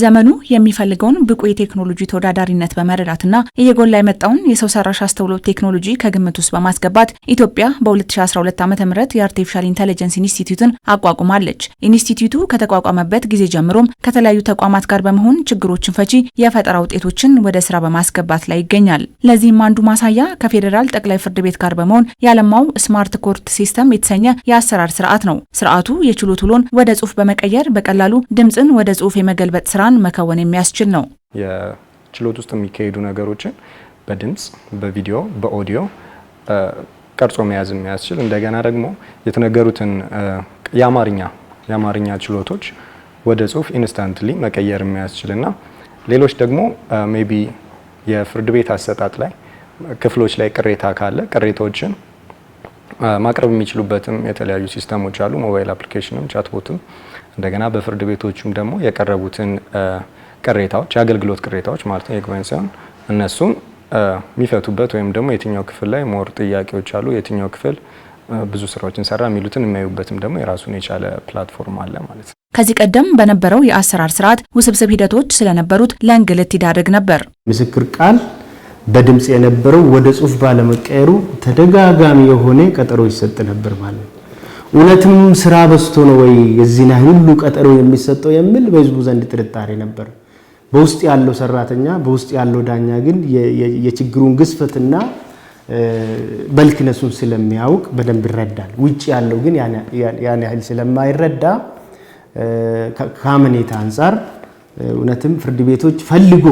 ዘመኑ የሚፈልገውን ብቁ የቴክኖሎጂ ተወዳዳሪነት በመረዳትና እየጎላ የመጣውን የሰው ሰራሽ አስተውሎት ቴክኖሎጂ ከግምት ውስጥ በማስገባት ኢትዮጵያ በ2012 ዓ ም የአርቲፊሻል ኢንቴሊጀንስ ኢንስቲትዩትን አቋቁማለች። ኢንስቲትዩቱ ከተቋቋመበት ጊዜ ጀምሮም ከተለያዩ ተቋማት ጋር በመሆን ችግሮችን ፈቺ የፈጠራ ውጤቶችን ወደ ስራ በማስገባት ላይ ይገኛል። ለዚህም አንዱ ማሳያ ከፌዴራል ጠቅላይ ፍርድ ቤት ጋር በመሆን ያለማው ስማርት ኮርት ሲስተም የተሰኘ የአሰራር ስርዓት ነው። ስርዓቱ የችሎት ውሎን ወደ ጽሁፍ በመቀየር በቀላሉ ድምፅን ወደ ጽሁፍ የመገልበጥ ስራ ስራን መከወን የሚያስችል ነው። የችሎት ውስጥ የሚካሄዱ ነገሮችን በድምፅ፣ በቪዲዮ፣ በኦዲዮ ቀርጾ መያዝ የሚያስችል እንደገና ደግሞ የተነገሩትን የአማርኛ የአማርኛ ችሎቶች ወደ ጽሁፍ ኢንስታንትሊ መቀየር የሚያስችል እና ሌሎች ደግሞ ሜቢ የፍርድ ቤት አሰጣጥ ላይ ክፍሎች ላይ ቅሬታ ካለ ቅሬታዎችን ማቅረብ የሚችሉበትም የተለያዩ ሲስተሞች አሉ። ሞባይል አፕሊኬሽንም ቻትቦትም እንደገና በፍርድ ቤቶችም ደግሞ የቀረቡትን ቅሬታዎች የአገልግሎት ቅሬታዎች ማለት ነው የይግባኝ ሳይሆን እነሱን የሚፈቱበት ወይም ደግሞ የትኛው ክፍል ላይ ሞር ጥያቄዎች አሉ የትኛው ክፍል ብዙ ስራዎችን ሰራ የሚሉትን የሚያዩበትም ደግሞ የራሱን የቻለ ፕላትፎርም አለ ማለት ነው። ከዚህ ቀደም በነበረው የአሰራር ስርዓት ውስብስብ ሂደቶች ስለነበሩት ለእንግልት ይዳርግ ነበር። ምስክር ቃል በድምፅ የነበረው ወደ ጽሁፍ ባለመቀየሩ ተደጋጋሚ የሆነ ቀጠሮ ይሰጥ ነበር ማለት ነው። እውነትም ስራ በዝቶ ነው ወይ የዚህን ያህል ሁሉ ቀጠሮ የሚሰጠው የሚል በህዝቡ ዘንድ ጥርጣሬ ነበር። በውስጥ ያለው ሰራተኛ በውስጥ ያለው ዳኛ ግን የችግሩን ግዝፈትና በልክነሱን ስለሚያውቅ በደንብ ይረዳል። ውጭ ያለው ግን ያን ያህል ስለማይረዳ ከአመኔታ አንጻር እውነትም ፍርድ ቤቶች ፈልጎ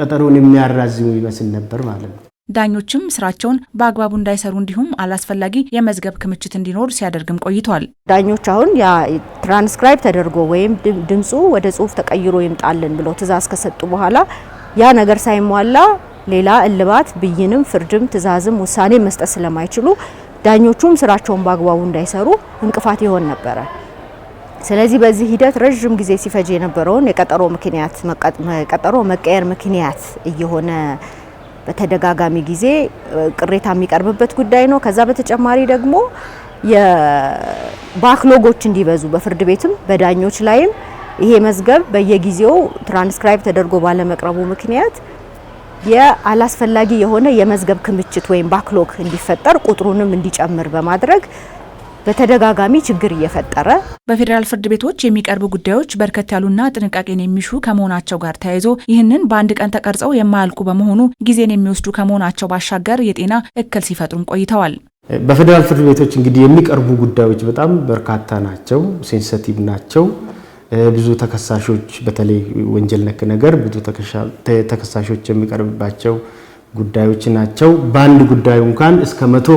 ቀጠሮን የሚያራዝሙ ይመስል ነበር ማለት ነው። ዳኞችም ስራቸውን በአግባቡ እንዳይሰሩ እንዲሁም አላስፈላጊ የመዝገብ ክምችት እንዲኖር ሲያደርግም ቆይቷል። ዳኞች አሁን ያ ትራንስክራይብ ተደርጎ ወይም ድምፁ ወደ ጽሁፍ ተቀይሮ ይምጣልን ብለው ትእዛዝ ከሰጡ በኋላ ያ ነገር ሳይሟላ ሌላ እልባት ብይንም፣ ፍርድም፣ ትእዛዝም ውሳኔ መስጠት ስለማይችሉ ዳኞቹም ስራቸውን በአግባቡ እንዳይሰሩ እንቅፋት ይሆን ነበረ። ስለዚህ በዚህ ሂደት ረዥም ጊዜ ሲፈጅ የነበረውን የቀጠሮ ምክንያት ቀጠሮ መቀየር ምክንያት እየሆነ በተደጋጋሚ ጊዜ ቅሬታ የሚቀርብበት ጉዳይ ነው። ከዛ በተጨማሪ ደግሞ የባክሎጎች እንዲበዙ በፍርድ ቤትም በዳኞች ላይም ይሄ መዝገብ በየጊዜው ትራንስክራይብ ተደርጎ ባለመቅረቡ ምክንያት የአላስፈላጊ የሆነ የመዝገብ ክምችት ወይም ባክሎግ እንዲፈጠር ቁጥሩንም እንዲጨምር በማድረግ በተደጋጋሚ ችግር እየፈጠረ በፌዴራል ፍርድ ቤቶች የሚቀርቡ ጉዳዮች በርከት ያሉና ጥንቃቄን የሚሹ ከመሆናቸው ጋር ተያይዞ ይህንን በአንድ ቀን ተቀርጸው የማያልቁ በመሆኑ ጊዜን የሚወስዱ ከመሆናቸው ባሻገር የጤና እክል ሲፈጥሩም ቆይተዋል። በፌዴራል ፍርድ ቤቶች እንግዲህ የሚቀርቡ ጉዳዮች በጣም በርካታ ናቸው፣ ሴንሰቲቭ ናቸው። ብዙ ተከሳሾች በተለይ ወንጀል ነክ ነገር ብዙ ተከሳሾች የሚቀርብባቸው ጉዳዮች ናቸው። በአንድ ጉዳዩ እንኳን እስከ መቶ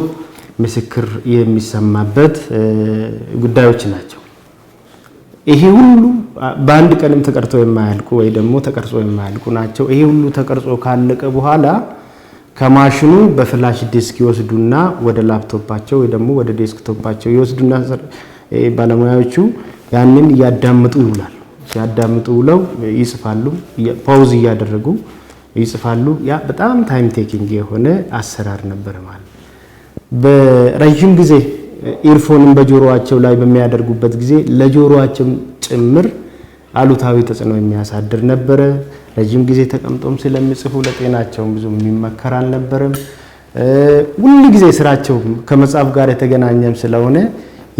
ምስክር የሚሰማበት ጉዳዮች ናቸው። ይሄ ሁሉ በአንድ ቀንም ተቀርጾ የማያልቁ ወይ ደግሞ ተቀርጾ የማያልቁ ናቸው። ይሄ ሁሉ ተቀርጾ ካለቀ በኋላ ከማሽኑ በፍላሽ ዲስክ ይወስዱና ወደ ላፕቶፓቸው ወይ ደግሞ ወደ ዴስክቶፓቸው ይወስዱና ባለሙያዎቹ ያንን እያዳምጡ ይውላሉ። ሲያዳምጡ ውለው ይጽፋሉ። ፓውዝ እያደረጉ ይጽፋሉ። ያ በጣም ታይም ቴኪንግ የሆነ አሰራር ነበር ማለት ነው። በረዥም ጊዜ ኢርፎንን በጆሮአቸው ላይ በሚያደርጉበት ጊዜ ለጆሮአቸው ጭምር አሉታዊ ተጽዕኖ የሚያሳድር ነበረ። ረዥም ጊዜ ተቀምጦም ስለሚጽፉ ለጤናቸውም ብዙ የሚመከር አልነበረም። ሁሉ ጊዜ ስራቸው ከመጽሐፍ ጋር የተገናኘም ስለሆነ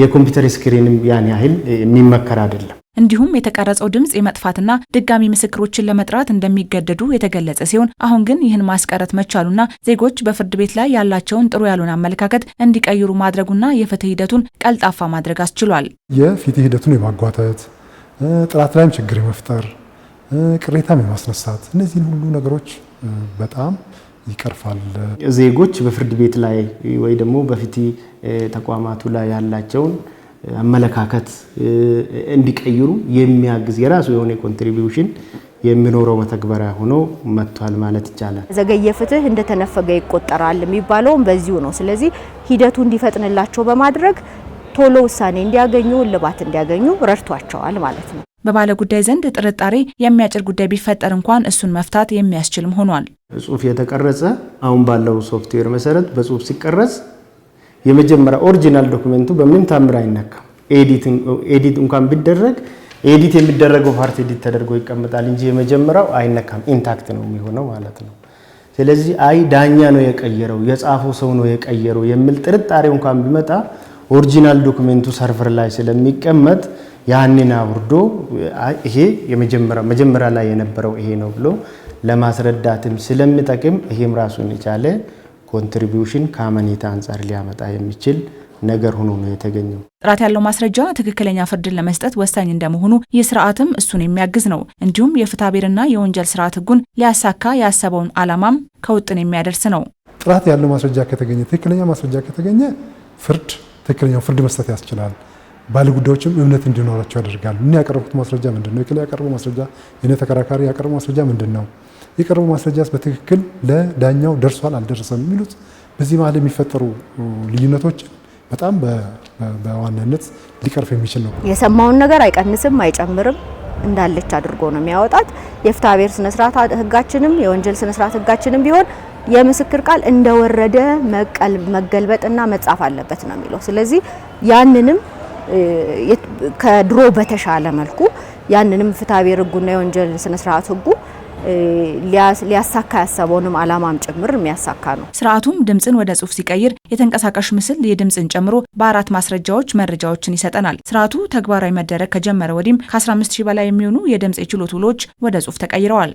የኮምፒውተር ስክሪንም ያን ያህል የሚመከር አይደለም። እንዲሁም የተቀረጸው ድምፅ የመጥፋትና ድጋሚ ምስክሮችን ለመጥራት እንደሚገደዱ የተገለጸ ሲሆን አሁን ግን ይህን ማስቀረት መቻሉና ዜጎች በፍርድ ቤት ላይ ያላቸውን ጥሩ ያሉን አመለካከት እንዲቀይሩ ማድረጉና የፍትህ ሂደቱን ቀልጣፋ ማድረግ አስችሏል። የፍትህ ሂደቱን የማጓተት ጥራት ላይም ችግር የመፍጠር ቅሬታም የማስነሳት እነዚህን ሁሉ ነገሮች በጣም ይቀርፋል። ዜጎች በፍርድ ቤት ላይ ወይ ደግሞ በፍትህ ተቋማቱ ላይ ያላቸውን አመለካከት እንዲቀይሩ የሚያግዝ የራሱ የሆነ ኮንትሪቢዩሽን የሚኖረው መተግበሪያ ሆኖ መጥቷል ማለት ይቻላል። ዘገየ ፍትህ እንደተነፈገ ይቆጠራል የሚባለውም በዚሁ ነው። ስለዚህ ሂደቱ እንዲፈጥንላቸው በማድረግ ቶሎ ውሳኔ እንዲያገኙ፣ እልባት እንዲያገኙ ረድቷቸዋል ማለት ነው። በባለ ጉዳይ ዘንድ ጥርጣሬ የሚያጭር ጉዳይ ቢፈጠር እንኳን እሱን መፍታት የሚያስችልም ሆኗል። ጽሁፍ የተቀረጸ አሁን ባለው ሶፍትዌር መሰረት በጽሁፍ ሲቀረጽ የመጀመሪያ ኦሪጂናል ዶክመንቱ በምንም ታምር አይነካም። ኤዲት እንኳን ቢደረግ ኤዲት የሚደረገው ፓርት ኤዲት ተደርጎ ይቀመጣል እንጂ የመጀመሪያው አይነካም። ኢንታክት ነው የሚሆነው ማለት ነው። ስለዚህ አይ ዳኛ ነው የቀየረው የጻፈው ሰው ነው የቀየረው የሚል ጥርጣሬ እንኳን ቢመጣ ኦሪጂናል ዶክመንቱ ሰርቨር ላይ ስለሚቀመጥ ያንን አውርዶ ይሄ መጀመሪያ ላይ የነበረው ይሄ ነው ብሎ ለማስረዳትም ስለሚጠቅም ይሄም ራሱን የቻለ ኮንትሪቢዩሽን ከአመኔታ አንጻር ሊያመጣ የሚችል ነገር ሆኖ ነው የተገኘው። ጥራት ያለው ማስረጃ ትክክለኛ ፍርድን ለመስጠት ወሳኝ እንደመሆኑ ይህ ስርዓትም እሱን የሚያግዝ ነው። እንዲሁም የፍታ ቤርና የወንጀል ስርዓት ህጉን ሊያሳካ ያሰበውን አላማም ከውጥን የሚያደርስ ነው። ጥራት ያለው ማስረጃ ከተገኘ፣ ትክክለኛ ማስረጃ ከተገኘ ፍርድ ትክክለኛው ፍርድ መስጠት ያስችላል። ባለጉዳዮችም እምነት እንዲኖራቸው ያደርጋል። እኔ ያቀረብኩት ማስረጃ ምንድን ነው? የክላ ያቀረበው ማስረጃ የእኔ ተከራካሪ ያቀረበው ማስረጃ ምንድን ነው? የቀረበው ማስረጃስ በትክክል ለዳኛው ደርሷል አልደረሰም የሚሉት በዚህ መሀል የሚፈጠሩ ልዩነቶች በጣም በዋናነት ሊቀርፍ የሚችል ነው። የሰማውን ነገር አይቀንስም፣ አይጨምርም እንዳለች አድርጎ ነው የሚያወጣት። የፍትሐ ብሔር ስነስርዓት ህጋችንም የወንጀል ስነስርዓት ህጋችንም ቢሆን የምስክር ቃል እንደወረደ መገልበጥና መጻፍ አለበት ነው የሚለው። ስለዚህ ያንንም ከድሮ በተሻለ መልኩ ያንንም ፍትሐ ብሔር ህጉና የወንጀል ስነስርዓት ህጉ ሊያሳካ ያሰበውንም አላማም ጭምር የሚያሳካ ነው። ስርዓቱም ድምፅን ወደ ጽሁፍ ሲቀይር የተንቀሳቃሽ ምስል የድምፅን ጨምሮ በአራት ማስረጃዎች መረጃዎችን ይሰጠናል። ስርዓቱ ተግባራዊ መደረግ ከጀመረ ወዲህም ከ15 ሺህ በላይ የሚሆኑ የድምፅ የችሎት ውሎች ወደ ጽሁፍ ተቀይረዋል።